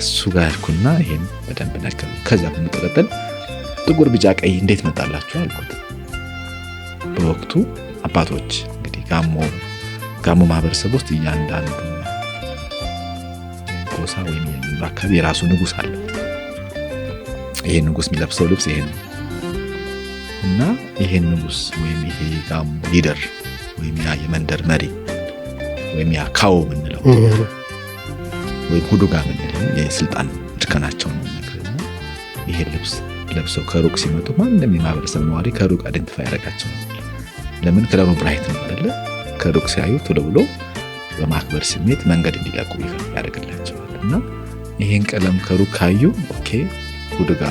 እሱ ጋር ያልኩና ይሄን በደንብ ነገ ከዚያ በመቀጠል ጥቁር፣ ቢጫ፣ ቀይ እንዴት መጣላችሁ አልኩት። በወቅቱ አባቶች እንግዲህ ጋሞ ጋሞ ማህበረሰብ ውስጥ እያንዳንዱ ጎሳ ወይም አካባቢ የራሱ ንጉስ አለ። ይሄ ንጉስ የሚለብሰው ልብስ ይሄ ነው እና ይሄን ንጉስ ወይም ይሄ ጋሞ ሊደር ወይም ያ የመንደር መሪ ወይም ያ ካዎ ምንለው ወይም ሁዱጋ የምንለው የስልጣን እርከናቸውን የሚያሳየው ይሄ ልብስ ለብሰው ከሩቅ ሲመጡ ማንም የማህበረሰብ ነዋሪ ከሩቅ አይደንቲፋይ ያደርጋቸዋል። ለምን ክለሩ ብራይት ነው አለ ከሩቅ ሲያዩ ቶሎ ብሎ በማክበር ስሜት መንገድ እንዲለቁ ያደርግላቸዋል። እና ይህን ቀለም ከሩቅ ካዩ ኦኬ ሁድጋ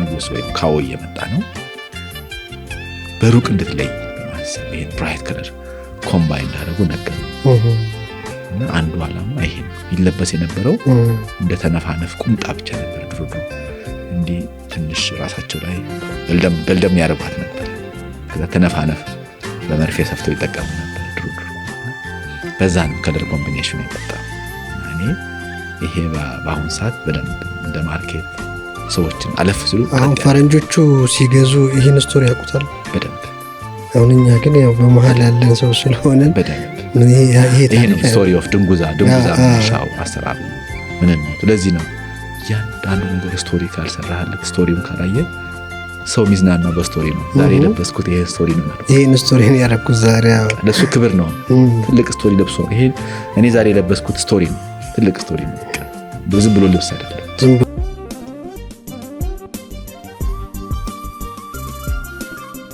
ንጉስ ወይም ካዎ እየመጣ ነው፣ በሩቅ እንድትለይ በማሰብ ይህን ብራይት ከለር ኮምባይ እንዳደረጉ ነገር እና አንዱ ዓላማ ይሄ ነው። ይለበስ የነበረው እንደ ተነፋነፍ ቁምጣ ብቻ ነበር። ድሮ ድሮ እንዲህ ትንሽ ራሳቸው ላይ በልደም ያደርጓት ነበር። ከዛ ተነፋነፍ በመርፌ ሰፍተው ይጠቀሙ ነበር ድሮ ድሮ። በዛ ነው ከለር ኮምቢኔሽን የመጣ እኔ ይሄ በአሁን ሰዓት በደንብ እንደ ማርኬት ሰዎችን አለፍ ስሉ ፈረንጆቹ ሲገዙ ይህን ስቶሪ ያውቁታል በደንብ አሁን እኛ ግን ያው በመሀል ያለን ሰው ስለሆነ ስቶሪ ኦፍ ድንጉዛ ድንጉዛ ሻው አሰራር ምንም ነው። ስለዚህ ነው እያንዳንዱ ነገር ስቶሪ ካልሰራህልህ ስቶሪም ካላየ ሰው ሚዝናናው በስቶሪ ነው። ዛሬ የለበስኩት ይሄን ስቶሪ ነው፣ ይሄን ስቶሪ ነው ያደረኩት ዛሬ። ለሱ ክብር ነው ትልቅ ስቶሪ ለብሶ ይሄን እኔ ዛሬ የለበስኩት ስቶሪ ነው፣ ትልቅ ስቶሪ ነው። ዝም ብሎ ልብስ አይደለም።